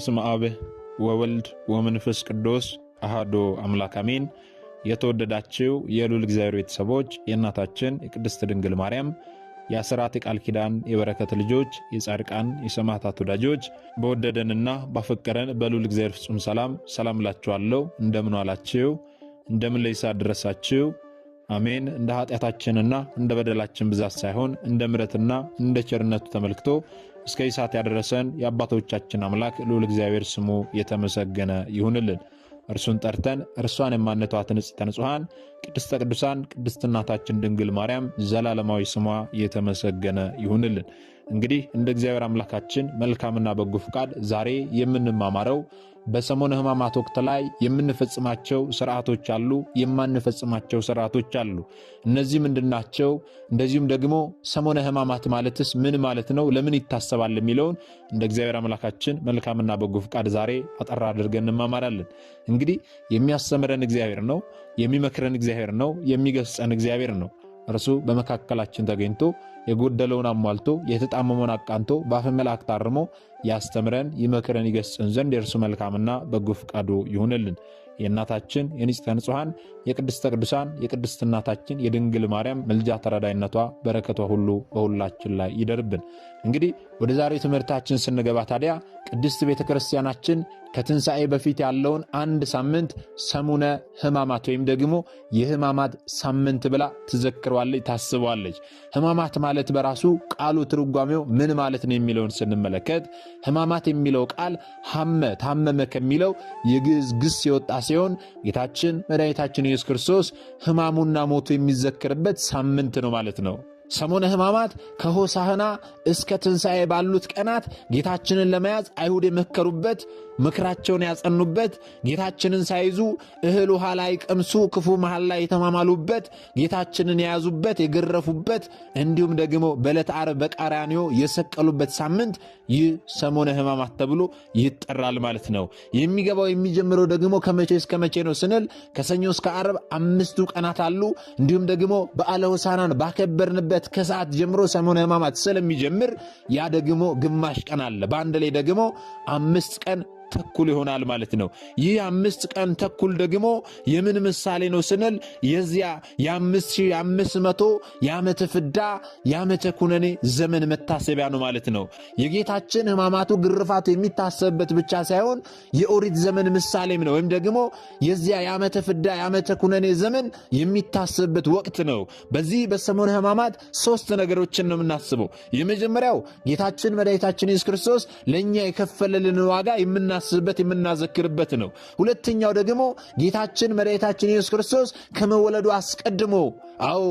በስመ አብ ወወልድ ወመንፈስ ቅዱስ አሃዶ አምላክ አሜን። የተወደዳችው የሉል እግዚአብሔር ቤተሰቦች የእናታችን የቅድስት ድንግል ማርያም የአስራት የቃል ኪዳን የበረከት ልጆች የጻድቃን የሰማዕታት ወዳጆች በወደደንና ባፈቀረን በሉል እግዚአብሔር ፍጹም ሰላም ሰላም ላችኋለሁ። እንደምን ዋላችሁ? እንደምን ለይሳ ደረሳችሁ? አሜን። እንደ ኃጢአታችንና እንደ በደላችን ብዛት ሳይሆን እንደ ምረትና እንደ ቸርነቱ ተመልክቶ እስከዚህ ሰዓት ያደረሰን የአባቶቻችን አምላክ ልዑል እግዚአብሔር ስሙ የተመሰገነ ይሁንልን። እርሱን ጠርተን እርሷን የማነቷት ንጽሕተ ንጹሐን ቅድስተ ቅዱሳን ቅድስት እናታችን ድንግል ማርያም ዘላለማዊ ስሟ የተመሰገነ ይሁንልን። እንግዲህ እንደ እግዚአብሔር አምላካችን መልካምና በጎ ፍቃድ ዛሬ የምንማማረው በሰሞነ ሕማማት ወቅት ላይ የምንፈጽማቸው ስርዓቶች አሉ፣ የማንፈጽማቸው ስርዓቶች አሉ። እነዚህ ምንድናቸው? እንደዚሁም ደግሞ ሰሞነ ሕማማት ማለትስ ምን ማለት ነው? ለምን ይታሰባል? የሚለውን እንደ እግዚአብሔር አምላካችን መልካምና በጎ ፍቃድ ዛሬ አጠራ አድርገን እንማማራለን። እንግዲህ የሚያስተምረን እግዚአብሔር ነው፣ የሚመክረን እግዚአብሔር ነው፣ የሚገስጸን እግዚአብሔር ነው። እርሱ በመካከላችን ተገኝቶ የጎደለውን አሟልቶ የተጣመመውን አቃንቶ በአፈ መልአክ ታርሞ ያስተምረን ይመክረን ይገስጽን ዘንድ የእርሱ መልካምና በጎ ፈቃዱ ይሁንልን። የእናታችን የንጽተ ንጹሐን የቅድስተ ቅዱሳን የቅድስት እናታችን የድንግል ማርያም ምልጃ ተረዳይነቷ በረከቷ ሁሉ በሁላችን ላይ ይደርብን። እንግዲህ ወደ ዛሬ ትምህርታችን ስንገባ ታዲያ ቅድስት ቤተ ክርስቲያናችን ከትንሣኤ በፊት ያለውን አንድ ሳምንት ሰሙነ ሕማማት ወይም ደግሞ የሕማማት ሳምንት ብላ ትዘክረዋለች፣ ታስበዋለች። ሕማማት ማለት በራሱ ቃሉ ትርጓሜው ምን ማለት ነው የሚለውን ስንመለከት ሕማማት የሚለው ቃል ሐመ ታመመ ከሚለው የግዕዝ ግስ የወጣ ሲሆን ጌታችን መድኃኒታችን ኢየሱስ ክርስቶስ ሕማሙና ሞቱ የሚዘክርበት ሳምንት ነው ማለት ነው። ሰሙነ ሕማማት ከሆሳህና እስከ ትንሣኤ ባሉት ቀናት ጌታችንን ለመያዝ አይሁድ የመከሩበት ምክራቸውን ያጸኑበት፣ ጌታችንን ሳይዙ እህል ውሃ ላይ ቀምሱ ክፉ መሃል ላይ የተማማሉበት፣ ጌታችንን የያዙበት፣ የገረፉበት እንዲሁም ደግሞ በለት ዓርብ በቀራንዮ የሰቀሉበት ሳምንት ይህ ሰሞነ ሕማማት ተብሎ ይጠራል ማለት ነው። የሚገባው የሚጀምረው ደግሞ ከመቼ እስከ መቼ ነው ስንል ከሰኞ እስከ ዓርብ አምስቱ ቀናት አሉ። እንዲሁም ደግሞ በዓለ ሆሳዕናን ባከበርንበት ከሰዓት ጀምሮ ሰሞነ ሕማማት ስለሚጀምር ያ ደግሞ ግማሽ ቀን አለ። በአንድ ላይ ደግሞ አምስት ቀን ተኩል ይሆናል ማለት ነው። ይህ አምስት ቀን ተኩል ደግሞ የምን ምሳሌ ነው ስንል የዚያ የአምስት ሺህ አምስት መቶ የዓመተ ፍዳ የዓመተ ኩነኔ ዘመን መታሰቢያ ነው ማለት ነው። የጌታችን ሕማማቱ ግርፋቱ የሚታሰብበት ብቻ ሳይሆን የኦሪት ዘመን ምሳሌም ነው። ወይም ደግሞ የዚያ የዓመተ ፍዳ የዓመተ ኩነኔ ዘመን የሚታሰብበት ወቅት ነው። በዚህ በሰሞነ ሕማማት ሶስት ነገሮችን ነው የምናስበው። የመጀመሪያው ጌታችን መድኃኒታችን ኢየሱስ ክርስቶስ ለእኛ የከፈለልን ዋጋ የምና የምናስብበት የምናዘክርበት ነው። ሁለተኛው ደግሞ ጌታችን መድኃኒታችን ኢየሱስ ክርስቶስ ከመወለዱ አስቀድሞ አዎ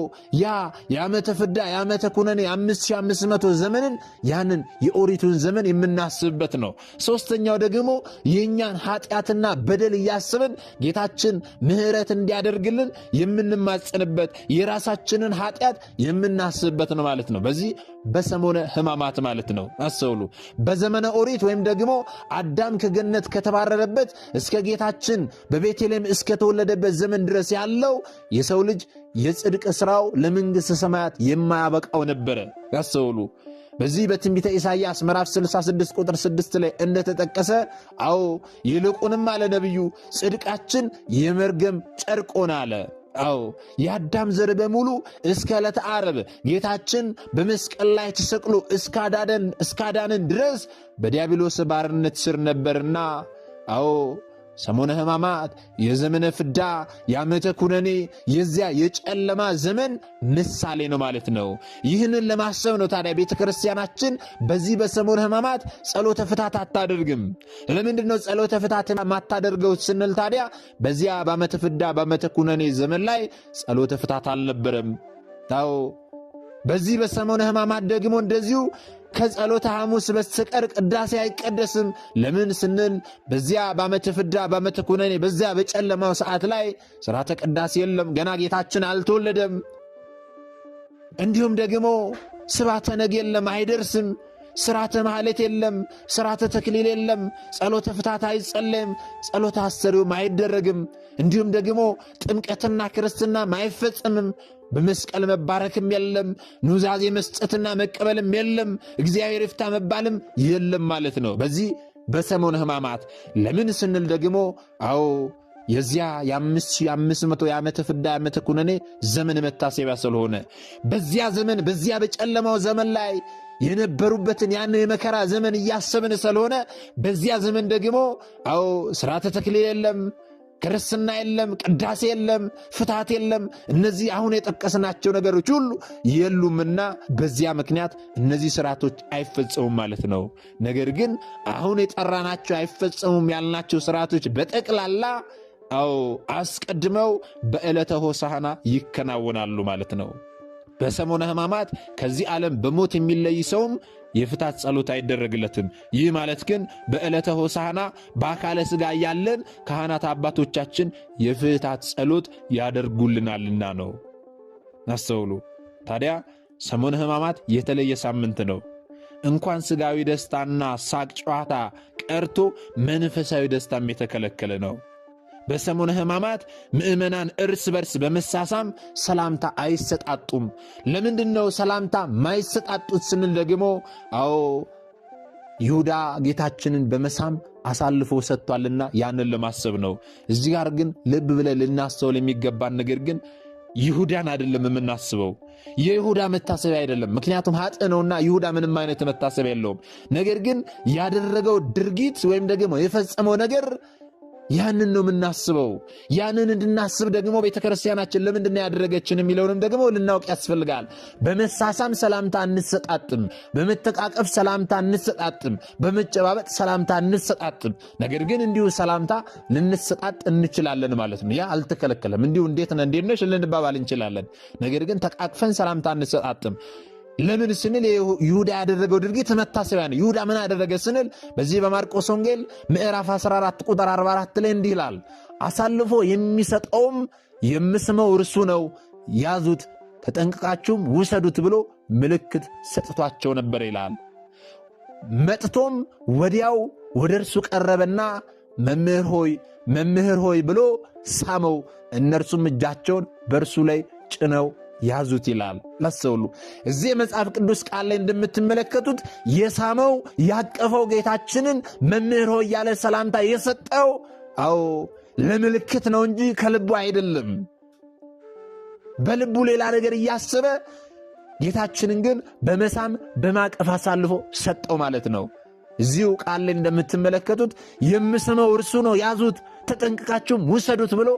ያ የዓመተ ፍዳ የዓመተ ኩነኔ አምስት ሺህ አምስት መቶ ዘመንን ያንን የኦሪቱን ዘመን የምናስብበት ነው። ሦስተኛው ደግሞ የእኛን ኃጢአትና በደል እያስብን ጌታችን ምሕረት እንዲያደርግልን የምንማጸንበት የራሳችንን ኃጢአት የምናስብበት ነው ማለት ነው። በዚህ በሰሞነ ሕማማት ማለት ነው። አስተውሉ። በዘመነ ኦሪት ወይም ደግሞ አዳም ከገነት ከተባረረበት እስከ ጌታችን በቤተልሔም እስከተወለደበት ዘመን ድረስ ያለው የሰው ልጅ የጽድቅ ሥራው ለመንግሥተ ሰማያት የማያበቃው ነበረ። አስተውሉ። በዚህ በትንቢተ ኢሳይያስ ምዕራፍ 66 ቁጥር 6 ላይ እንደተጠቀሰ፣ አዎ ይልቁንም አለ ነቢዩ ጽድቃችን የመርገም ጨርቆን አለ። አዎ የአዳም ዘር በሙሉ እስከ ዕለተ ዓርብ ጌታችን በመስቀል ላይ ተሰቅሎ እስካዳነን ድረስ በዲያብሎስ ባርነት ስር ነበርና አዎ ሰሞነ ሕማማት፣ የዘመነ ፍዳ፣ የዓመተ ኩነኔ የዚያ የጨለማ ዘመን ምሳሌ ነው ማለት ነው። ይህንን ለማሰብ ነው ታዲያ ቤተ ክርስቲያናችን በዚህ በሰሞነ ሕማማት ጸሎተ ፍታት አታደርግም። ለምንድን ነው ጸሎተ ፍታት ማታደርገው ስንል ታዲያ በዚያ በዓመተ ፍዳ በዓመተ ኩነኔ ዘመን ላይ ጸሎተ ፍታት አልነበረም። ታው በዚህ በሰሞነ ሕማማት ደግሞ እንደዚሁ ከጸሎተ ሐሙስ በስተቀር ቅዳሴ አይቀደስም። ለምን ስንል በዚያ በዓመተ ፍዳ በዓመተ ኩነኔ በዚያ በጨለማው ሰዓት ላይ ስርዓተ ቅዳሴ የለም፣ ገና ጌታችን አልተወለደም። እንዲሁም ደግሞ ስባተ ነግ የለም፣ አይደርስም። ስራተ ማህሌት የለም፣ ስራተ ተክሊል የለም፣ ጸሎተ ፍታት አይጸለይም፣ ጸሎተ አሰሪውም አይደረግም። እንዲሁም ደግሞ ጥምቀትና ክርስትናም አይፈጽምም። በመስቀል መባረክም የለም፣ ኑዛዜ መስጠትና መቀበልም የለም፣ እግዚአብሔር ይፍታ መባልም የለም ማለት ነው። በዚህ በሰሞነ ሕማማት ለምን ስንል ደግሞ አዎ የዚያ የአምስት መቶ የዓመተ ፍዳ ዓመተ ኩነኔ ዘመን መታሰቢያ ስለሆነ በዚያ ዘመን በዚያ በጨለማው ዘመን ላይ የነበሩበትን ያን የመከራ ዘመን እያሰብን ስለሆነ በዚያ ዘመን ደግሞ አዎ ስርዓተ ተክሊል የለም፣ ክርስትና የለም፣ ቅዳሴ የለም፣ ፍትሐት የለም። እነዚህ አሁን የጠቀስናቸው ነገሮች ሁሉ የሉምና በዚያ ምክንያት እነዚህ ስርዓቶች አይፈጸሙም ማለት ነው። ነገር ግን አሁን የጠራናቸው አይፈጸሙም ያልናቸው ስርዓቶች በጠቅላላ አዎ አስቀድመው በዕለተ ሆሳዕና ይከናወናሉ ማለት ነው። በሰሞነ ሕማማት ከዚህ ዓለም በሞት የሚለይ ሰውም የፍታት ጸሎት አይደረግለትም። ይህ ማለት ግን በዕለተ ሆሳና በአካለ ሥጋ እያለን ካህናት አባቶቻችን የፍታት ጸሎት ያደርጉልናልና ነው። አስተውሉ። ታዲያ ሰሞነ ሕማማት የተለየ ሳምንት ነው። እንኳን ሥጋዊ ደስታና ሳቅ ጨዋታ ቀርቶ መንፈሳዊ ደስታም የተከለከለ ነው። በሰሙነ ሕማማት ምእመናን እርስ በርስ በመሳሳም ሰላምታ አይሰጣጡም። ለምንድን ነው ሰላምታ ማይሰጣጡት ስንል ደግሞ አዎ ይሁዳ ጌታችንን በመሳም አሳልፎ ሰጥቷልና ያንን ለማሰብ ነው። እዚህ ጋር ግን ልብ ብለን ልናስተውል የሚገባን ነገር ግን ይሁዳን አይደለም የምናስበው፣ የይሁዳ መታሰቢያ አይደለም። ምክንያቱም ሀጥ ነውና ይሁዳ ምንም አይነት መታሰቢያ የለውም። ነገር ግን ያደረገው ድርጊት ወይም ደግሞ የፈጸመው ነገር ያንን ነው የምናስበው። ያንን እንድናስብ ደግሞ ቤተ ክርስቲያናችን ለምንድን ነው ያደረገችን የሚለውንም ደግሞ ልናውቅ ያስፈልጋል። በመሳሳም ሰላምታ እንሰጣጥም በመተቃቀፍ ሰላምታ እንሰጣጥም በመጨባበጥ ሰላምታ እንሰጣጥም ነገር ግን እንዲሁ ሰላምታ ልንሰጣጥ እንችላለን ማለት ነው። ያ አልተከለከለም። እንዲሁ እንዴት ነህ፣ እንዴት ነሽ ልንባባል እንችላለን። ነገር ግን ተቃቅፈን ሰላምታ እንሰጣጥም ለምን ስንል ይሁዳ ያደረገው ድርጊት መታሰቢያ ነው። ይሁዳ ምን አደረገ ስንል በዚህ በማርቆስ ወንጌል ምዕራፍ 14 ቁጥር 44 ላይ እንዲህ ይላል፣ አሳልፎ የሚሰጠውም የምስመው እርሱ ነው፣ ያዙት፣ ተጠንቅቃችሁም ውሰዱት ብሎ ምልክት ሰጥቷቸው ነበር ይላል። መጥቶም ወዲያው ወደ እርሱ ቀረበና መምህር ሆይ መምህር ሆይ ብሎ ሳመው። እነርሱም እጃቸውን በእርሱ ላይ ጭነው ያዙት ይላል መሰውሉ። እዚህ የመጽሐፍ ቅዱስ ቃል ላይ እንደምትመለከቱት የሳመው ያቀፈው ጌታችንን መምህሮ እያለ ሰላምታ የሰጠው አዎ ለምልክት ነው እንጂ ከልቡ አይደለም። በልቡ ሌላ ነገር እያሰበ ጌታችንን ግን በመሳም በማቀፍ አሳልፎ ሰጠው ማለት ነው። እዚሁ ቃል ላይ እንደምትመለከቱት የምስመው እርሱ ነው፣ ያዙት፣ ተጠንቅቃችሁም ውሰዱት ብሎ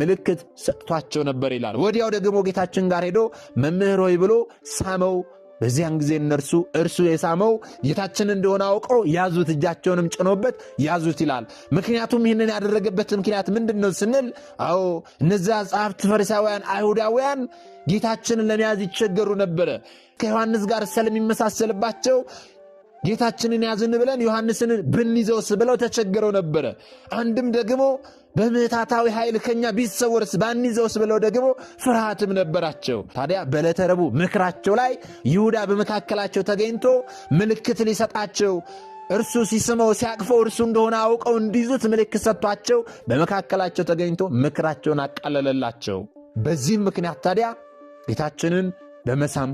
ምልክት ሰጥቷቸው ነበር ይላል። ወዲያው ደግሞ ጌታችን ጋር ሄዶ መምህር ሆይ ብሎ ሳመው። በዚያን ጊዜ እነርሱ እርሱ የሳመው ጌታችን እንደሆነ አውቀው ያዙት፣ እጃቸውንም ጭኖበት ያዙት ይላል። ምክንያቱም ይህንን ያደረገበት ምክንያት ምንድን ነው ስንል፣ አዎ እነዚያ ጸሐፍት ፈሪሳውያን፣ አይሁዳውያን ጌታችንን ለመያዝ ይቸገሩ ነበረ ከዮሐንስ ጋር ስለሚመሳሰልባቸው ጌታችንን ያዝን ብለን ዮሐንስን ብንይዘውስ ብለው ተቸግረው ነበረ። አንድም ደግሞ በምህታታዊ ኃይል ከኛ ቢሰወርስ ባንይዘውስ ብለው ደግሞ ፍርሃትም ነበራቸው። ታዲያ በዕለተ ረቡዕ ምክራቸው ላይ ይሁዳ በመካከላቸው ተገኝቶ ምልክት ሊሰጣቸው እርሱ ሲስመው ሲያቅፈው እርሱ እንደሆነ አውቀው እንዲይዙት ምልክት ሰጥቷቸው በመካከላቸው ተገኝቶ ምክራቸውን አቃለለላቸው። በዚህም ምክንያት ታዲያ ጌታችንን በመሳም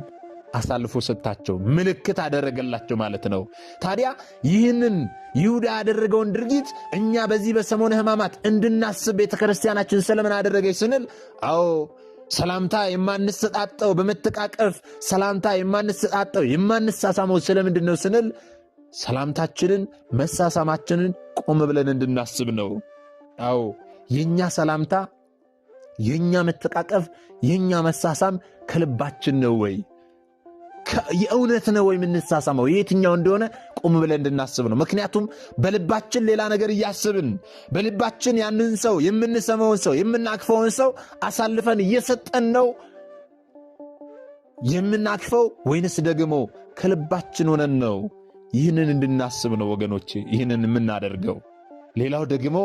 አሳልፎ ሰጥታቸው ምልክት አደረገላቸው ማለት ነው። ታዲያ ይህንን ይሁዳ ያደረገውን ድርጊት እኛ በዚህ በሰሞነ ሕማማት እንድናስብ ቤተ ክርስቲያናችን ስለምን አደረገች ስንል፣ አዎ ሰላምታ የማንሰጣጠው በመተቃቀፍ ሰላምታ የማንሰጣጠው የማንሳሳመው ስለምንድን ነው ስንል፣ ሰላምታችንን መሳሳማችንን ቆም ብለን እንድናስብ ነው። አዎ የእኛ ሰላምታ የእኛ መተቃቀፍ የእኛ መሳሳም ከልባችን ነው ወይ? የእውነት ነው ወይም የምንሳሳመው የትኛው እንደሆነ ቁም ብለን እንድናስብ ነው። ምክንያቱም በልባችን ሌላ ነገር እያስብን በልባችን ያንን ሰው የምንሰማውን ሰው የምናክፈውን ሰው አሳልፈን እየሰጠን ነው የምናክፈው ወይንስ ደግሞ ከልባችን ሆነን ነው? ይህንን እንድናስብ ነው ወገኖች፣ ይህንን የምናደርገው። ሌላው ደግሞ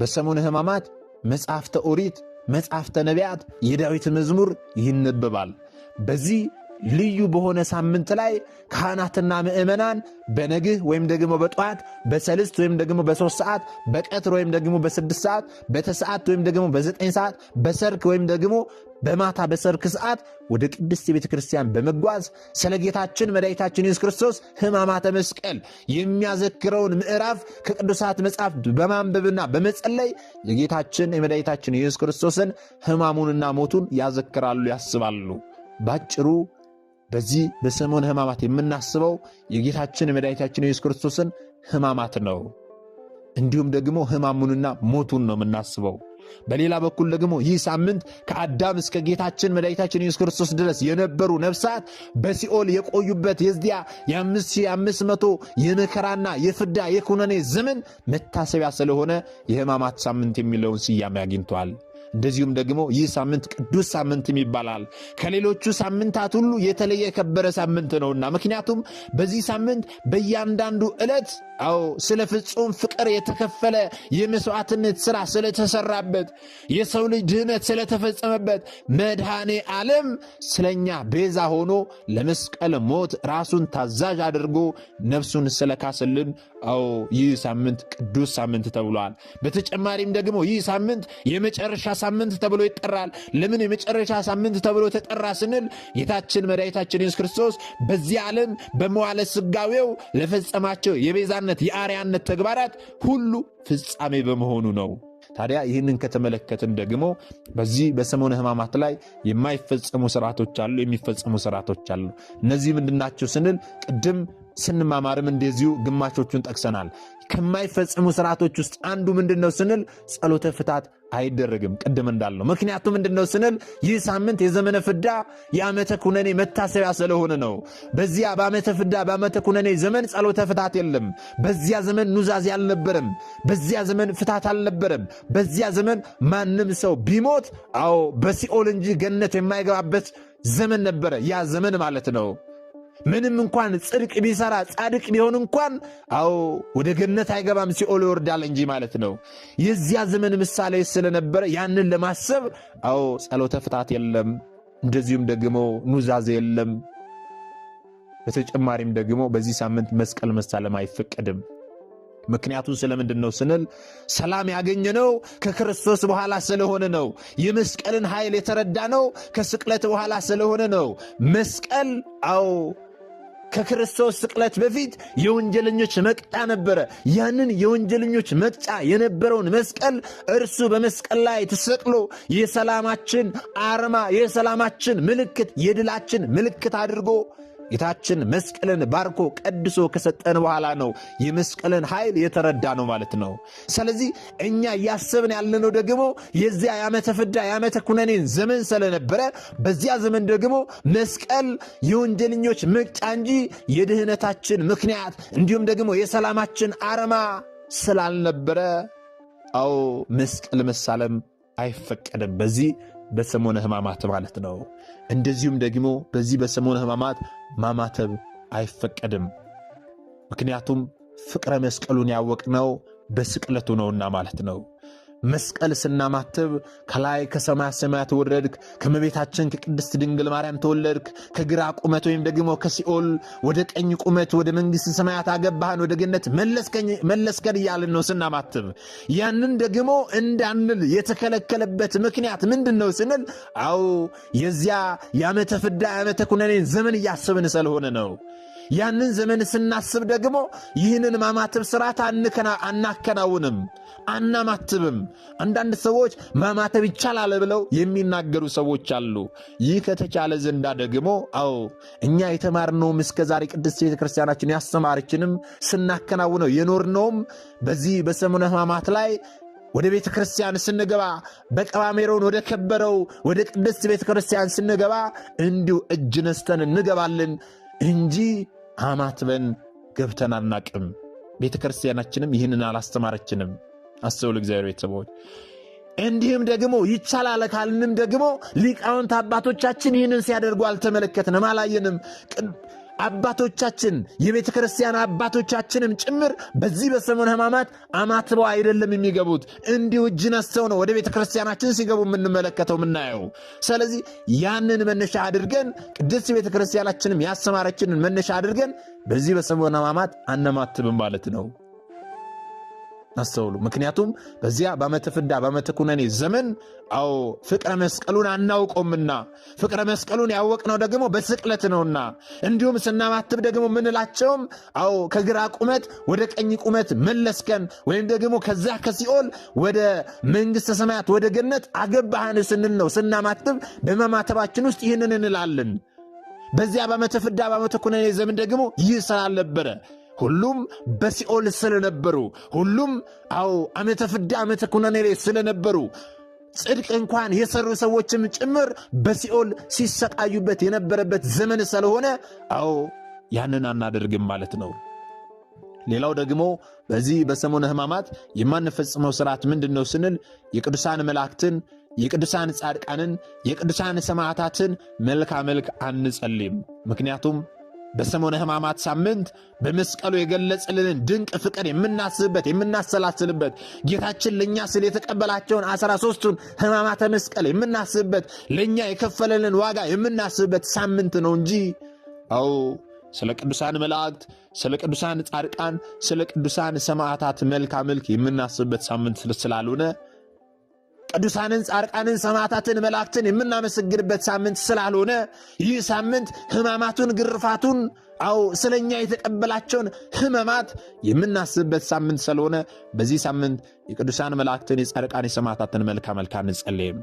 በሰሙነ ሕማማት መጽሐፍተ ኦሪት፣ መጽሐፍተ ነቢያት፣ የዳዊት መዝሙር ይነበባል። በዚህ ልዩ በሆነ ሳምንት ላይ ካህናትና ምእመናን በነግህ ወይም ደግሞ በጠዋት በሰልስት ወይም ደግሞ በሶስት ሰዓት በቀትር ወይም ደግሞ በስድስት ሰዓት በተሰዓት ወይም ደግሞ በዘጠኝ ሰዓት በሰርክ ወይም ደግሞ በማታ በሰርክ ሰዓት ወደ ቅድስት ቤተ ክርስቲያን በመጓዝ ስለ ጌታችን መድኃኒታችን ኢየሱስ ክርስቶስ ሕማማተ መስቀል የሚያዘክረውን ምዕራፍ ከቅዱሳት መጽሐፍ በማንበብና በመጸለይ የጌታችን የመድኃኒታችን ኢየሱስ ክርስቶስን ሕማሙንና ሞቱን ያዘክራሉ፣ ያስባሉ። ባጭሩ በዚህ በሰሞን ሕማማት የምናስበው የጌታችን የመድኃኒታችን የኢየሱስ ክርስቶስን ሕማማት ነው። እንዲሁም ደግሞ ሕማሙንና ሞቱን ነው የምናስበው። በሌላ በኩል ደግሞ ይህ ሳምንት ከአዳም እስከ ጌታችን መድኃኒታችን ኢየሱስ ክርስቶስ ድረስ የነበሩ ነፍሳት በሲኦል የቆዩበት የዚያ የአምስት ሺህ አምስት መቶ የመከራና የፍዳ የኩነኔ ዘመን መታሰቢያ ስለሆነ የሕማማት ሳምንት የሚለውን ስያሜ አግኝቷል። እንደዚሁም ደግሞ ይህ ሳምንት ቅዱስ ሳምንትም ይባላል። ከሌሎቹ ሳምንታት ሁሉ የተለየ የከበረ ሳምንት ነውና፣ ምክንያቱም በዚህ ሳምንት በእያንዳንዱ ዕለት አዎ ስለ ፍጹም ፍቅር የተከፈለ የመስዋዕትነት ስራ ስለተሰራበት፣ የሰው ልጅ ድህነት ስለተፈጸመበት፣ መድኃኔ ዓለም ስለኛ ቤዛ ሆኖ ለመስቀል ሞት ራሱን ታዛዥ አድርጎ ነፍሱን ስለካስልን አዎ ይህ ሳምንት ቅዱስ ሳምንት ተብሏል። በተጨማሪም ደግሞ ይህ ሳምንት የመጨረሻ ሳምንት ተብሎ ይጠራል። ለምን የመጨረሻ ሳምንት ተብሎ ተጠራ ስንል ጌታችን መድኃኒታችን ኢየሱስ ክርስቶስ በዚህ ዓለም በመዋለ ስጋዌው ለፈጸማቸው የቤዛነት የአርያነት ተግባራት ሁሉ ፍጻሜ በመሆኑ ነው። ታዲያ ይህንን ከተመለከትን ደግሞ በዚህ በሰሞነ ሕማማት ላይ የማይፈጸሙ ስርዓቶች አሉ፣ የሚፈጸሙ ስርዓቶች አሉ። እነዚህ ምንድናቸው ስንል ቅድም ስንማማርም እንደዚሁ ግማሾቹን ጠቅሰናል። ከማይፈጽሙ ስርዓቶች ውስጥ አንዱ ምንድን ነው ስንል ጸሎተ ፍታት አይደረግም። ቅድም እንዳልነው ምክንያቱ ምንድን ነው ስንል ይህ ሳምንት የዘመነ ፍዳ የዓመተ ኩነኔ መታሰቢያ ስለሆነ ነው። በዚያ በዓመተ ፍዳ በዓመተ ኩነኔ ዘመን ጸሎተ ፍታት የለም። በዚያ ዘመን ኑዛዜ አልነበረም። በዚያ ዘመን ፍታት አልነበረም። በዚያ ዘመን ማንም ሰው ቢሞት አዎ በሲኦል እንጂ ገነት የማይገባበት ዘመን ነበረ ያ ዘመን ማለት ነው። ምንም እንኳን ጽድቅ ቢሰራ ጻድቅ ቢሆን እንኳን አዎ ወደ ገነት አይገባም፣ ሲኦል ይወርዳል እንጂ ማለት ነው። የዚያ ዘመን ምሳሌ ስለነበረ ያንን ለማሰብ አዎ ጸሎተ ፍታት የለም፣ እንደዚሁም ደግሞ ኑዛዜ የለም። በተጨማሪም ደግሞ በዚህ ሳምንት መስቀል መሳለም አይፈቀድም። ምክንያቱም ስለምንድን ነው ስንል ሰላም ያገኘነው ከክርስቶስ በኋላ ስለሆነ ነው። የመስቀልን ኃይል የተረዳነው ከስቅለት በኋላ ስለሆነ ነው። መስቀል አዎ ከክርስቶስ ስቅለት በፊት የወንጀለኞች መቅጫ ነበረ። ያንን የወንጀለኞች መቅጫ የነበረውን መስቀል እርሱ በመስቀል ላይ ተሰቅሎ የሰላማችን አርማ፣ የሰላማችን ምልክት፣ የድላችን ምልክት አድርጎ ጌታችን መስቀልን ባርኮ ቀድሶ ከሰጠን በኋላ ነው የመስቀልን ኃይል የተረዳ ነው ማለት ነው። ስለዚህ እኛ እያሰብን ያለነው ደግሞ የዚያ የዓመተ ፍዳ የዓመተ ኩነኔን ዘመን ስለነበረ በዚያ ዘመን ደግሞ መስቀል የወንጀለኞች መቅጫ እንጂ የድህነታችን ምክንያት እንዲሁም ደግሞ የሰላማችን አርማ ስላልነበረ አዎ መስቀል መሳለም አይፈቀድም። በዚህ በሰሞነ ሕማማት ማለት ነው። እንደዚሁም ደግሞ በዚህ በሰሞነ ሕማማት ማማተብ አይፈቀድም። ምክንያቱም ፍቅረ መስቀሉን ያወቅነው በስቅለቱ ነውና ማለት ነው። መስቀል ስናማትብ ከላይ ከሰማያት ሰማያት ወረድክ፣ ከመቤታችን ከቅድስት ድንግል ማርያም ተወለድክ። ከግራ ቁመት ወይም ደግሞ ከሲኦል ወደ ቀኝ ቁመት ወደ መንግሥት ሰማያት አገባህን፣ ወደ ገነት መለስከን እያልን ነው ስናማትብ። ያንን ደግሞ እንዳንል የተከለከለበት ምክንያት ምንድን ነው ስንል፣ አዎ የዚያ የዓመተ ፍዳ የዓመተ ኩነኔን ዘመን እያስብን ስለሆነ ነው። ያንን ዘመን ስናስብ ደግሞ ይህንን ማማተብ ስርዓት አናከናውንም፣ አናማትብም። አንዳንድ ሰዎች ማማተብ ይቻላል ብለው የሚናገሩ ሰዎች አሉ። ይህ ከተቻለ ዘንዳ ደግሞ አዎ እኛ የተማርነውም እስከዛሬ ቅድስት ቤተ ክርስቲያናችን ያስተማረችንም ስናከናውነው የኖርነውም በዚህ በሰሙነ ሕማማት ላይ ወደ ቤተ ክርስቲያን ስንገባ በቀባሜሮን ወደ ከበረው ወደ ቅድስት ቤተ ክርስቲያን ስንገባ እንዲሁ እጅ ነስተን እንገባለን እንጂ አማትበን ገብተን አናቅም። ቤተ ክርስቲያናችንም ይህንን አላስተማረችንም። አስቡ ለእግዚአብሔር ቤተሰቦች። እንዲህም ደግሞ ይቻላል ካልንም ደግሞ ሊቃውንት አባቶቻችን ይህንን ሲያደርጉ አልተመለከትንም፣ አላየንም። አባቶቻችን የቤተ ክርስቲያን አባቶቻችንም ጭምር በዚህ በሰሙነ ሕማማት አማትበው አይደለም የሚገቡት፣ እንዲሁ እጅ ነስተው ነው ወደ ቤተ ክርስቲያናችን ሲገቡ የምንመለከተው የምናየው። ስለዚህ ያንን መነሻ አድርገን ቅድስት ቤተ ክርስቲያናችንም ያስተማረችንን መነሻ አድርገን በዚህ በሰሙነ ሕማማት አነማትብም ማለት ነው። አስተውሉ። ምክንያቱም በዚያ በዓመተ ፍዳ በዓመተ ኩነኔ ዘመን አዎ ፍቅረ መስቀሉን አናውቆምና ፍቅረ መስቀሉን ያወቅነው ደግሞ በስቅለት ነውና፣ እንዲሁም ስናማትብ ደግሞ ምንላቸውም አዎ ከግራ ቁመት ወደ ቀኝ ቁመት መለስከን ወይም ደግሞ ከዚያ ከሲኦል ወደ መንግሥተ ሰማያት ወደ ገነት አገባህን ስንል ነው። ስናማትብ በማማተባችን ውስጥ ይህንን እንላለን። በዚያ በዓመተ ፍዳ በዓመተ ኩነኔ ዘመን ደግሞ ይህ ስላልነበረ ሁሉም በሲኦል ስለነበሩ፣ ሁሉም አዎ ዓመተ ፍዳ ዓመተ ኩነኔ ላይ ስለነበሩ ጽድቅ እንኳን የሰሩ ሰዎችም ጭምር በሲኦል ሲሰቃዩበት የነበረበት ዘመን ስለሆነ አዎ ያንን አናደርግም ማለት ነው። ሌላው ደግሞ በዚህ በሰሙነ ሕማማት የማንፈጽመው ስርዓት ምንድን ነው ስንል የቅዱሳን መላእክትን፣ የቅዱሳን ጻድቃንን፣ የቅዱሳን ሰማዕታትን መልካ መልክ አንጸልም። ምክንያቱም በሰሞነ ሕማማት ሳምንት በመስቀሉ የገለጸልንን ድንቅ ፍቅር የምናስብበት የምናሰላስልበት ጌታችን ለእኛ ስል የተቀበላቸውን አስራ ሦስቱን ሕማማተ መስቀል የምናስብበት ለእኛ የከፈለልን ዋጋ የምናስብበት ሳምንት ነው እንጂ አዎ ስለ ቅዱሳን መላእክት፣ ስለ ቅዱሳን ጻድቃን፣ ስለ ቅዱሳን ሰማዕታት መልካ መልክ የምናስብበት ሳምንት ስላልሆነ ቅዱሳንን፣ ጻርቃንን ሰማዕታትን፣ መላእክትን የምናመሰግንበት ሳምንት ስላልሆነ ይህ ሳምንት ህማማቱን ግርፋቱን አው ስለኛ የተቀበላቸውን ህመማት የምናስብበት ሳምንት ስለሆነ በዚህ ሳምንት የቅዱሳን መላእክትን፣ የጻርቃን የሰማታትን መልካ መልካ እንጸልይም።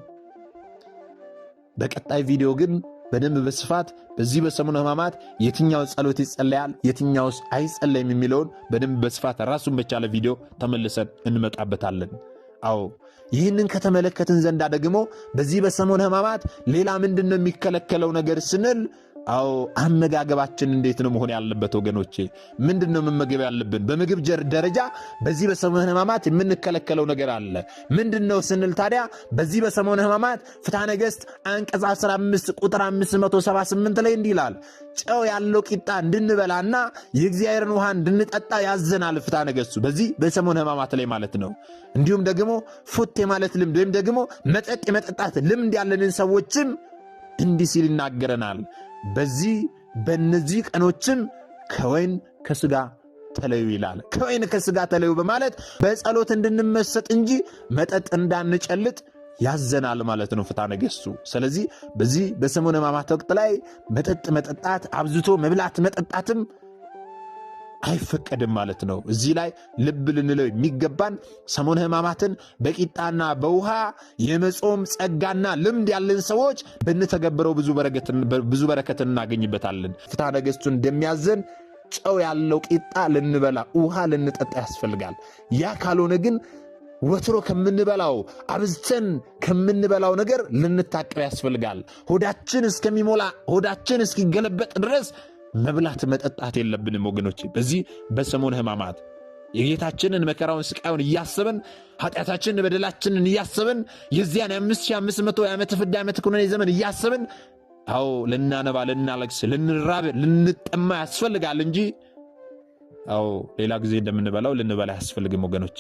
በቀጣይ ቪዲዮ ግን በደንብ በስፋት በዚህ በሰሙነ ህማማት የትኛው ጸሎት ይጸለያል፣ የትኛውስ አይጸለይም የሚለውን በደንብ በስፋት ራሱን በቻለ ቪዲዮ ተመልሰን እንመጣበታለን። አዎ ይህንን ከተመለከትን ዘንዳ ደግሞ በዚህ በሰሞን ሕማማት ሌላ ምንድን ነው የሚከለከለው ነገር ስንል አዎ አመጋገባችን እንዴት ነው መሆን ያለበት? ወገኖቼ ምንድን ነው መመገብ ያለብን? በምግብ ደረጃ በዚህ በሰሙነ ሕማማት የምንከለከለው ነገር አለ። ምንድን ነው ስንል ታዲያ በዚህ በሰሙነ ሕማማት ፍትሐ ነገሥት አንቀጽ 15 ቁጥር 578 ላይ እንዲህ ይላል፣ ጨው ያለው ቂጣ እንድንበላና የእግዚአብሔርን ውሃ እንድንጠጣ ያዘናል ፍትሐ ነገሥቱ በዚህ በሰሙነ ሕማማት ላይ ማለት ነው። እንዲሁም ደግሞ ፉት የማለት ልምድ ወይም ደግሞ መጠጥ የመጠጣት ልምድ ያለንን ሰዎችም እንዲህ ሲል ይናገረናል። በዚህ በእነዚህ ቀኖችም ከወይን ከስጋ ተለዩ ይላል። ከወይን ከስጋ ተለዩ በማለት በጸሎት እንድንመሰጥ እንጂ መጠጥ እንዳንጨልጥ ያዘናል ማለት ነው ፍትሐ ነገሥቱ። ስለዚህ በዚህ በሰሙነ ሕማማት ወቅት ላይ መጠጥ መጠጣት አብዝቶ መብላት መጠጣትም አይፈቀድም ማለት ነው። እዚህ ላይ ልብ ልንለው የሚገባን ሰሞን ሕማማትን በቂጣና በውሃ የመጾም ጸጋና ልምድ ያለን ሰዎች ብንተገብረው ብዙ በረከት እናገኝበታለን። ፍትሐ ነገሥቱ እንደሚያዘን ጨው ያለው ቂጣ ልንበላ፣ ውሃ ልንጠጣ ያስፈልጋል። ያ ካልሆነ ግን ወትሮ ከምንበላው አብዝተን ከምንበላው ነገር ልንታቀብ ያስፈልጋል። ሆዳችን እስከሚሞላ ሆዳችን እስኪገለበጥ ድረስ መብላት መጠጣት የለብንም ወገኖች። በዚህ በሰሙነ ሕማማት የጌታችንን መከራውን ስቃዩን እያሰብን ኃጢአታችንን በደላችንን እያሰብን የዚያን የአምስት ሺህ አምስት መቶ የዓመት ፍዳ ዓመት ኩነኔ ዘመን እያሰብን አዎ ልናነባ፣ ልናለቅስ፣ ልንራብ፣ ልንጠማ ያስፈልጋል እንጂ አዎ ሌላ ጊዜ እንደምንበላው ልንበላ ያስፈልግም ወገኖቼ።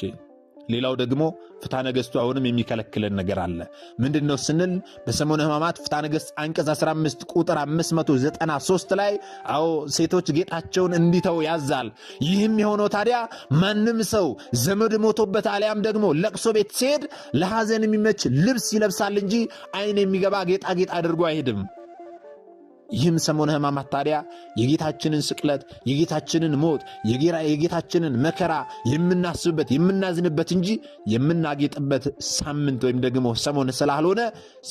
ሌላው ደግሞ ፍትሐ ነገሥቱ አሁንም የሚከለክለን ነገር አለ። ምንድን ነው ስንል በሰሞኑ ሕማማት ፍትሐ ነገሥት አንቀጽ 15 ቁጥር 593 ላይ አዎ ሴቶች ጌጣቸውን እንዲተው ያዛል። ይህም የሆነው ታዲያ ማንም ሰው ዘመድ ሞቶበት አሊያም ደግሞ ለቅሶ ቤት ሲሄድ ለሐዘን የሚመች ልብስ ይለብሳል እንጂ ዓይን የሚገባ ጌጣጌጥ አድርጎ አይሄድም። ይህም ሰሞነ ሕማማት ታዲያ የጌታችንን ስቅለት፣ የጌታችንን ሞት፣ የጌታችንን መከራ የምናስብበት የምናዝንበት እንጂ የምናጌጥበት ሳምንት ወይም ደግሞ ሰሞን ስላልሆነ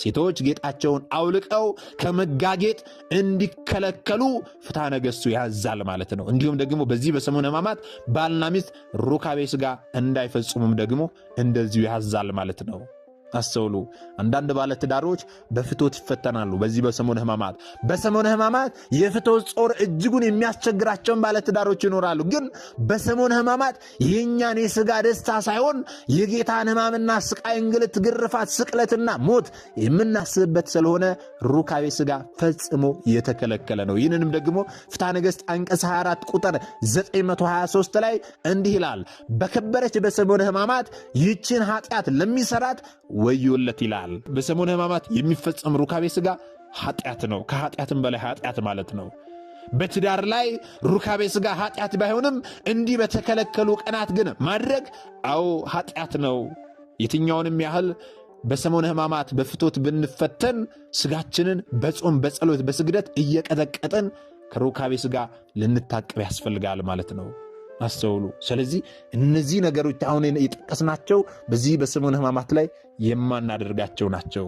ሴቶች ጌጣቸውን አውልቀው ከመጋጌጥ እንዲከለከሉ ፍትሐ ነገሥቱ ያዛል ማለት ነው። እንዲሁም ደግሞ በዚህ በሰሞነ ሕማማት ባልና ሚስት ሩካቤ ሥጋ እንዳይፈጽሙም ደግሞ እንደዚሁ ያዛል ማለት ነው። አስተውሉ። አንዳንድ ባለትዳሮች በፍቶት ይፈተናሉ። በዚህ በሰሞነ ህማማት በሰሞነ ህማማት የፍቶት ጾር እጅጉን የሚያስቸግራቸውን ባለትዳሮች ይኖራሉ። ግን በሰሞነ ህማማት የእኛን የስጋ ደስታ ሳይሆን የጌታን ህማምና ስቃይ፣ እንግልት፣ ግርፋት፣ ስቅለትና ሞት የምናስብበት ስለሆነ ሩካቤ ስጋ ፈጽሞ የተከለከለ ነው። ይህንንም ደግሞ ፍትሐ ነገሥት አንቀጽ 24 ቁጥር 923 ላይ እንዲህ ይላል በከበረች በሰሞነ ህማማት ይችን ኃጢአት ለሚሰራት ወዮለት ይላል። በሰሙነ ሕማማት የሚፈጸም ሩካቤ ሥጋ ኃጢአት ነው። ከኃጢአትም በላይ ኃጢአት ማለት ነው። በትዳር ላይ ሩካቤ ሥጋ ኃጢአት ባይሆንም እንዲህ በተከለከሉ ቀናት ግን ማድረግ አዎ ኃጢአት ነው። የትኛውንም ያህል በሰሙነ ሕማማት በፍቶት ብንፈተን ሥጋችንን በጾም በጸሎት በስግደት እየቀጠቀጠን ከሩካቤ ሥጋ ልንታቀብ ያስፈልጋል ማለት ነው። አስተውሉ። ስለዚህ እነዚህ ነገሮች አሁን የጠቀስናቸው በዚህ በሰሙነ ሕማማት ላይ የማናደርጋቸው ናቸው።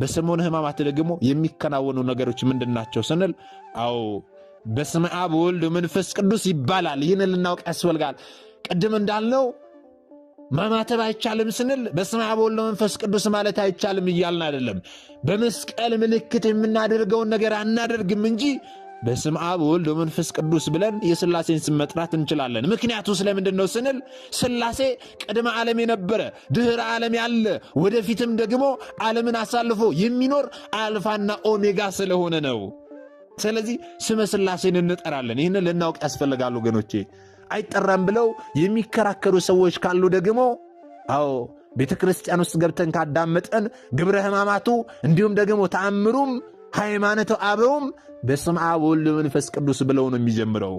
በሰሙነ ሕማማት ደግሞ የሚከናወኑ ነገሮች ምንድን ናቸው ስንል፣ አዎ በስመ አብ ወልድ መንፈስ ቅዱስ ይባላል። ይህን ልናውቅ ያስፈልጋል። ቅድም እንዳልነው ማማተብ አይቻልም ስንል በስመ አብ ወልድ መንፈስ ቅዱስ ማለት አይቻልም እያልን አይደለም። በመስቀል ምልክት የምናደርገውን ነገር አናደርግም እንጂ በስም አብ ወልድ ወመንፈስ ቅዱስ ብለን የስላሴን ስም መጥራት እንችላለን። ምክንያቱ ስለምንድን ነው ስንል ስላሴ ቅድመ ዓለም የነበረ ድህረ ዓለም ያለ ወደፊትም ደግሞ ዓለምን አሳልፎ የሚኖር አልፋና ኦሜጋ ስለሆነ ነው። ስለዚህ ስመ ስላሴን እንጠራለን። ይህን ልናውቅ ያስፈልጋሉ ወገኖቼ። አይጠራም ብለው የሚከራከሩ ሰዎች ካሉ ደግሞ አዎ ቤተ ክርስቲያን ውስጥ ገብተን ካዳመጠን ግብረ ሕማማቱ እንዲሁም ደግሞ ተአምሩም ሃይማኖተ አበውም በስመ አብ ወወልድ ወመንፈስ ቅዱስ ብለው ነው የሚጀምረው።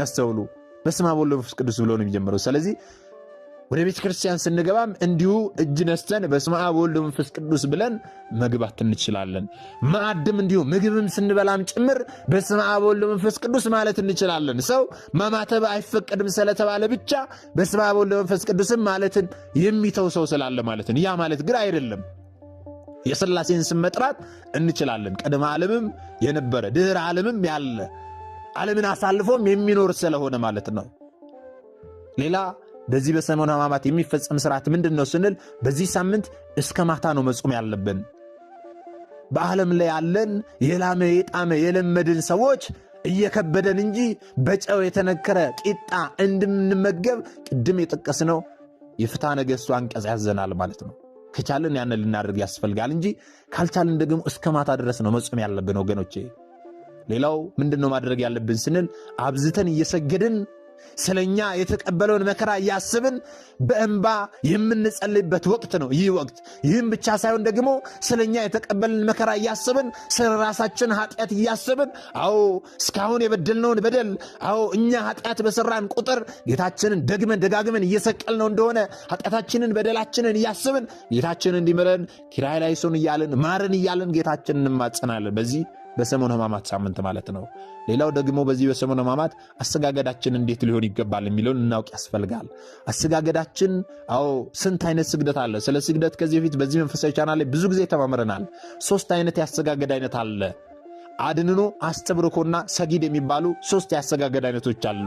ያስተውሉ። በስመ አብ ወወልድ ወመንፈስ ቅዱስ ብለው ነው የሚጀምረው። ስለዚህ ወደ ቤተ ክርስቲያን ስንገባም እንዲሁ እጅ ነስተን በስመ አብ ወወልድ መንፈስ ቅዱስ ብለን መግባት እንችላለን። ማዕድም እንዲሁ ምግብም ስንበላም ጭምር በስመ አብ ወወልድ መንፈስ ቅዱስ ማለት እንችላለን። ሰው ማማተብ አይፈቀድም ስለተባለ ብቻ በስመ አብ ወወልድ መንፈስ ቅዱስም ማለትን የሚተው ሰው ስላለ ማለት ነው። ያ ማለት ግን አይደለም። የሥላሴን ስም መጥራት እንችላለን። ቅድመ ዓለምም የነበረ ድኅረ ዓለምም ያለ ዓለምን አሳልፎም የሚኖር ስለሆነ ማለት ነው። ሌላ በዚህ በሰሙነ ሕማማት የሚፈጸም ስርዓት ምንድን ነው ስንል በዚህ ሳምንት እስከ ማታ ነው መጾም ያለብን። በዓለም ላይ ያለን የላመ የጣመ የለመድን ሰዎች እየከበደን እንጂ በጨው የተነከረ ቂጣ እንድንመገብ ቅድም የጠቀስነው የፍትሐ ነገሥቱ አንቀጽ ያዘናል ማለት ነው። ከቻለን ያንን ልናደርግ ያስፈልጋል እንጂ ካልቻለን ደግሞ እስከ ማታ ድረስ ነው መጾም ያለብን ወገኖቼ። ሌላው ምንድን ነው ማድረግ ያለብን ስንል አብዝተን እየሰገድን ስለ እኛ የተቀበለውን መከራ እያስብን በእንባ የምንጸልይበት ወቅት ነው ይህ ወቅት። ይህም ብቻ ሳይሆን ደግሞ ስለ እኛ የተቀበልን መከራ እያስብን ስለ ራሳችን ኃጢአት እያስብን፣ አዎ እስካሁን የበደልነውን በደል፣ አዎ እኛ ኃጢአት በሰራን ቁጥር ጌታችንን ደግመን ደጋግመን እየሰቀልነው እንደሆነ ኃጢአታችንን በደላችንን እያስብን ጌታችንን እንዲምረን ኪርያላይሶን እያልን ማረን እያልን ጌታችንን እንማጸናለን በዚህ በሰሞነ ሕማማት ሳምንት ማለት ነው። ሌላው ደግሞ በዚህ በሰሞነ ሕማማት አሰጋገዳችን እንዴት ሊሆን ይገባል የሚለውን እናውቅ ያስፈልጋል። አሰጋገዳችን፣ አዎ ስንት አይነት ስግደት አለ። ስለ ስግደት ከዚህ በፊት በዚህ መንፈሳዊ ቻናል ላይ ብዙ ጊዜ ተማምረናል። ሶስት አይነት የአሰጋገድ አይነት አለ። አድንኖ አስተብርኮና ሰጊድ የሚባሉ ሶስት የአሰጋገድ አይነቶች አሉ።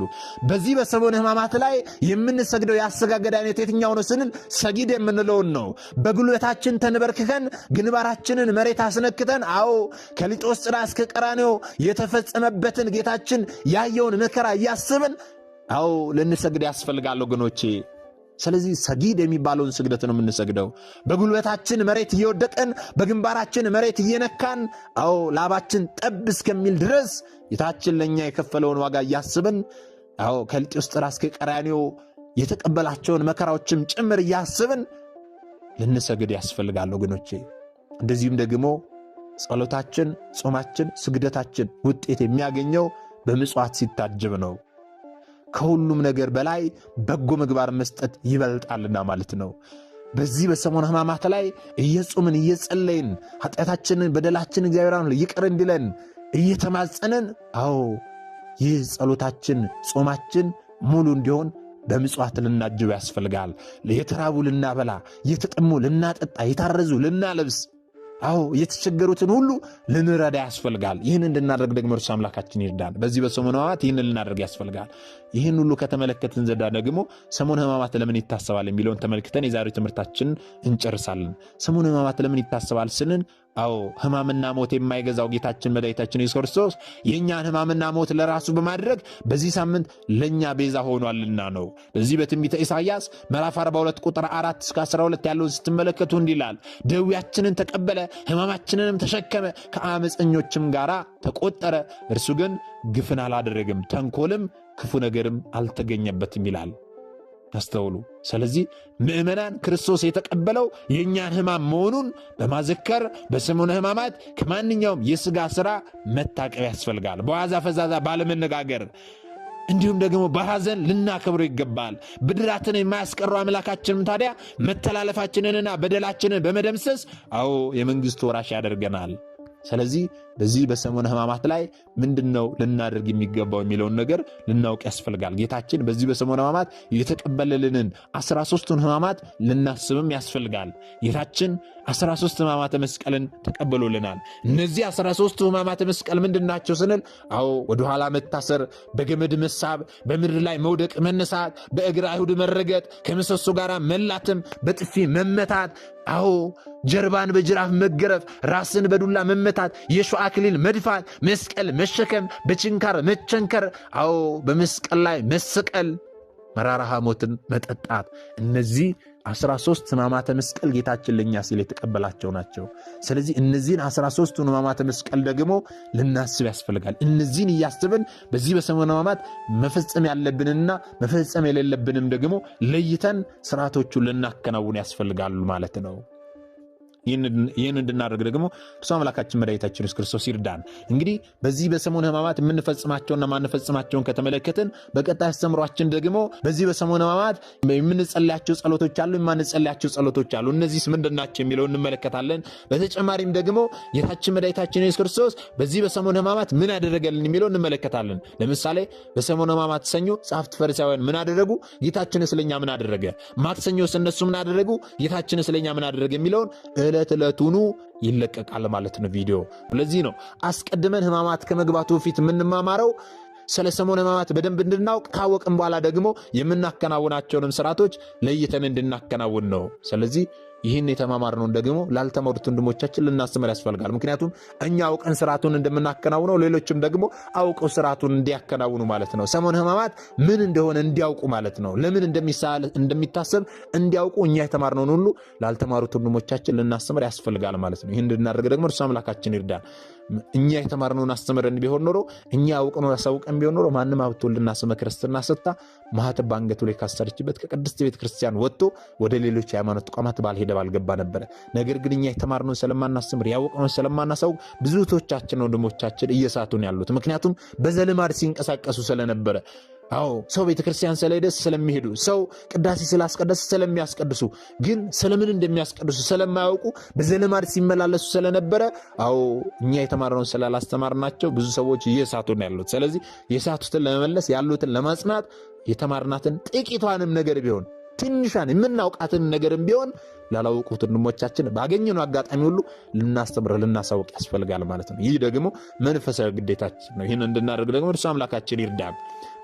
በዚህ በሰሞነ ሕማማት ላይ የምንሰግደው የአሰጋገድ አይነት የትኛው ነው ስንል ሰጊድ የምንለውን ነው። በጉልበታችን ተንበርክከን ግንባራችንን መሬት አስነክተን፣ አዎ ጥራ እስከ ቀራኔው የተፈጸመበትን ጌታችን ያየውን መከራ እያስብን፣ አዎ ልንሰግድ ያስፈልጋል ወገኖቼ። ስለዚህ ሰጊድ የሚባለውን ስግደት ነው የምንሰግደው። በጉልበታችን መሬት እየወደቀን በግንባራችን መሬት እየነካን አዎ ላባችን ጠብ እስከሚል ድረስ ጌታችን ለእኛ የከፈለውን ዋጋ እያስብን አዎ ከልጥዩስጥራ እስከ ቀራንዮ የተቀበላቸውን መከራዎችም ጭምር እያስብን ልንሰግድ ያስፈልጋል ወገኖቼ። እንደዚሁም ደግሞ ጸሎታችን፣ ጾማችን፣ ስግደታችን ውጤት የሚያገኘው በምጽዋት ሲታጅብ ነው። ከሁሉም ነገር በላይ በጎ ምግባር መስጠት ይበልጣልና ማለት ነው። በዚህ በሰሞን ሕማማት ላይ እየጾምን እየጸለይን ኃጢአታችንን፣ በደላችን እግዚአብሔር ይቅር እንዲለን እየተማጸንን፣ አዎ ይህ ጸሎታችን ጾማችን ሙሉ እንዲሆን በምጽዋት ልናጅብ ያስፈልጋል። የተራቡ ልናበላ፣ የተጠሙ ልናጠጣ፣ የታረዙ ልናለብስ አዎ የተቸገሩትን ሁሉ ልንረዳ ያስፈልጋል። ይህን እንድናደርግ ደግሞ እርሱ አምላካችን ይርዳል። በዚህ በሰሙነ ሕማማት ይህን ልናደርግ ያስፈልጋል። ይህን ሁሉ ከተመለከትን ዘዳ ደግሞ ሰሙነ ሕማማት ለምን ይታሰባል የሚለውን ተመልክተን የዛሬው ትምህርታችንን እንጨርሳለን። ሰሙነ ሕማማት ለምን ይታሰባል ስንን አዎ ሕማምና ሞት የማይገዛው ጌታችን መድኃኒታችን ኢየሱስ ክርስቶስ የእኛን ሕማምና ሞት ለራሱ በማድረግ በዚህ ሳምንት ለእኛ ቤዛ ሆኗልና ነው። በዚህ በትንቢተ ኢሳይያስ ምዕራፍ 42 ቁጥር 4 እስከ 12 ያለውን ስትመለከቱ እንዲላል ይላል፣ ደዌያችንን ተቀበለ፣ ሕማማችንንም ተሸከመ፣ ከአመፀኞችም ጋር ተቆጠረ፣ እርሱ ግን ግፍን አላደረግም፣ ተንኮልም ክፉ ነገርም አልተገኘበትም ይላል። አስተውሉ። ስለዚህ ምእመናን ክርስቶስ የተቀበለው የእኛን ሕማም መሆኑን በማዘከር በሰሙነ ሕማማት ከማንኛውም የሥጋ ሥራ መታቀብ ያስፈልጋል። በዋዛ ፈዛዛ ባለመነጋገር እንዲሁም ደግሞ በሐዘን ልናከብረው ይገባል። ብድራትን የማያስቀሩ አምላካችንም ታዲያ መተላለፋችንንና በደላችንን በመደምሰስ አዎ የመንግሥቱ ወራሽ ያደርገናል። ስለዚህ በዚህ በሰሙነ ሕማማት ላይ ምንድን ነው ልናደርግ የሚገባው የሚለውን ነገር ልናውቅ ያስፈልጋል። ጌታችን በዚህ በሰሙነ ሕማማት የተቀበለልንን አስራ ሦስቱን ሕማማት ልናስብም ያስፈልጋል። ጌታችን አስራ ሦስት ሕማማተ መስቀልን ተቀብሎልናል። እነዚህ አስራ ሦስቱ ሕማማተ መስቀል ምንድን ናቸው ስንል፣ አዎ ወደኋላ መታሰር፣ በገመድ መሳብ፣ በምድር ላይ መውደቅ መነሳት፣ በእግር አይሁድ መረገጥ፣ ከምሰሶ ጋር መላትም፣ በጥፊ መመታት፣ አዎ ጀርባን በጅራፍ መገረፍ፣ ራስን በዱላ መመታት፣ የሸዋ አክሊል መድፋት፣ መስቀል መሸከም፣ በችንካር መቸንከር፣ አዎ በመስቀል ላይ መሰቀል፣ መራራ ሐሞትን መጠጣት እነዚህ 13 ሕማማተ መስቀል ጌታችን ለእኛ ሲል የተቀበላቸው ናቸው። ስለዚህ እነዚህን 13 ሕማማተ መስቀል ደግሞ ልናስብ ያስፈልጋል። እነዚህን እያስብን በዚህ በሰሙነ ሕማማት መፈጸም ያለብንና መፈጸም የሌለብንም ደግሞ ለይተን ስርዓቶቹን ልናከናውን ያስፈልጋሉ ማለት ነው። ይህን እንድናደርግ ደግሞ እርሱ አምላካችን መድኃኒታችን ኢየሱስ ክርስቶስ ይርዳን። እንግዲህ በዚህ በሰሙነ ሕማማት የምንፈጽማቸውና ማንፈጽማቸውን ከተመለከትን በቀጣይ አስተምሯችን ደግሞ በዚህ በሰሙነ ሕማማት የምንጸልያቸው ጸሎቶች አሉ፣ የማንጸልያቸው ጸሎቶች አሉ። እነዚህስ ምንድናቸው የሚለው እንመለከታለን። በተጨማሪም ደግሞ ጌታችን መድኃኒታችን ኢየሱስ ክርስቶስ በዚህ በሰሙነ ሕማማት ምን ያደረገልን የሚለው እንመለከታለን። ለምሳሌ በሰሙነ ሕማማት ሰኞ ጸሐፍት ፈሪሳውያን ምን አደረጉ? ጌታችን ስለኛ ምን አደረገ? ማክሰኞስ እነሱ ምን አደረጉ? ጌታችን ስለኛ ምን አደረገ? የሚለውን ዕለት ዕለቱኑ ይለቀቃል ማለት ነው ቪዲዮ። ለዚህ ነው አስቀድመን ህማማት ከመግባቱ በፊት የምንማማረው ስለ ህማማት በደንብ እንድናውቅ ካወቅን በኋላ ደግሞ የምናከናውናቸውንም ስርዓቶች ለይተን እንድናከናውን ነው። ስለዚህ ይህን የተማማርነውን ደግሞ ላልተማሩት ወንድሞቻችን ልናስተምር ያስፈልጋል። ምክንያቱም እኛ አውቀን ስርዓቱን እንደምናከናውነው ሌሎችም ደግሞ አውቀው ስርዓቱን እንዲያከናውኑ ማለት ነው። ሰሞን ህማማት ምን እንደሆነ እንዲያውቁ ማለት ነው። ለምን እንደሚታሰብ እንዲያውቁ እኛ የተማርነውን ሁሉ ላልተማሩት ወንድሞቻችን ልናስተምር ያስፈልጋል ማለት ነው። ይህን እንድናደርግ ደግሞ እርሱ አምላካችን ይርዳል። እኛ የተማርነውን አስተምረን ቢሆን ኖሮ እኛ ያውቅነውን አሳውቀን ቢሆን ኖሮ ማንም ሀብቶልና ስመ ክርስትና ሰታ ማህተብ በአንገቱ ላይ ካሰረችበት ከቅድስት ቤተ ክርስቲያን ወጥቶ ወደ ሌሎች የሃይማኖት ተቋማት ባልሄደ ባልገባ ነበረ። ነገር ግን እኛ የተማርነውን ስለማናስተምር ያውቅነውን ስለማናሳውቅ ብዙቶቻችን ወንድሞቻችን እየሳቱን ያሉት ምክንያቱም በዘልማድ ሲንቀሳቀሱ ስለነበረ አዎ ሰው ቤተክርስቲያን ስለሄደ ስለሚሄዱ ሰው ቅዳሴ ስላስቀደሰ ስለሚያስቀድሱ ግን ስለምን እንደሚያስቀድሱ ስለማያውቁ በዘለማድ ሲመላለሱ ስለነበረ አዎ እኛ የተማርነውን ስላላስተማርናቸው ብዙ ሰዎች እየሳቱ ነው ያሉት። ስለዚህ የሳቱትን ለመመለስ ያሉትን ለማጽናት የተማርናትን ጥቂቷንም ነገር ቢሆን ትንሿን የምናውቃትን ነገርም ቢሆን ላላወቁት ወንድሞቻችን ባገኘነው አጋጣሚ ሁሉ ልናስተምር ልናሳውቅ ያስፈልጋል ማለት ነው። ይህ ደግሞ መንፈሳዊ ግዴታችን ነው። ይህን እንድናደርግ ደግሞ እርሱ አምላካችን ይርዳል።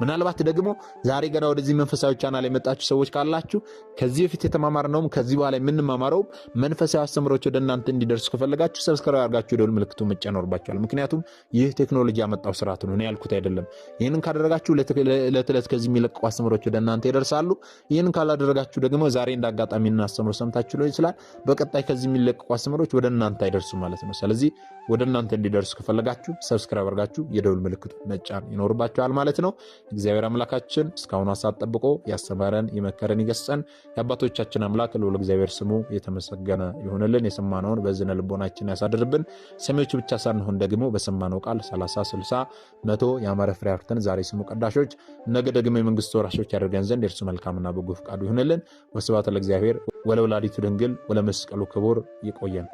ምናልባት ደግሞ ዛሬ ገና ወደዚህ መንፈሳዊ ቻናል የመጣችሁ ሰዎች ካላችሁ ከዚህ በፊት የተማማርነውም ከዚህ በኋላ የምንማማረውም መንፈሳዊ አስተምሮች ወደ እናንተ እንዲደርሱ ከፈለጋችሁ ሰብስክራይብ ያርጋችሁ የደወል ምልክቱ መጫን ይኖርባችኋል። ምክንያቱም ይህ ቴክኖሎጂ ያመጣው ስርዓት ነው፣ እኔ ያልኩት አይደለም። ይህንን ካደረጋችሁ ዕለት ዕለት ከዚህ የሚለቀቁ አስተምሮች ወደ እናንተ ይደርሳሉ። ይህንን ካላደረጋችሁ ደግሞ ዛሬ እንዳጋጣሚ እናስተምሮ ሰምታችሁ ሊሆን ይችላል። በቀጣይ ከዚህ የሚለቀቁ አስተምሮች ወደ እናንተ አይደርሱ ማለት ነው። ስለዚህ ወደ እናንተ እንዲደርሱ ከፈለጋችሁ ሰብስክራይብ አድርጋችሁ የደውል ምልክቱ መጫን ይኖርባችኋል ማለት ነው። እግዚአብሔር አምላካችን እስካሁኑ ሰዓት ጠብቆ ያስተማረን የመከረን ይገሰን የአባቶቻችን አምላክ ልዑል እግዚአብሔር ስሙ የተመሰገነ ይሁንልን። የሰማነውን በዝነ ልቦናችን ያሳድርብን። ሰሚዎች ብቻ ሳንሆን ደግሞ በሰማነው ቃል 30፣ 60፣ መቶ የአማረ ፍሬ አፍርተን ዛሬ ስሙ ቀዳሾች ነገ ደግሞ የመንግስት ወራሾች ያደርገን ዘንድ የእርሱ መልካምና በጎ ፈቃዱ ይሁንልን። ወስብሐት ለእግዚአብሔር ወለወላዲቱ ድንግል ወለመስቀሉ ክቡር ይቆየን።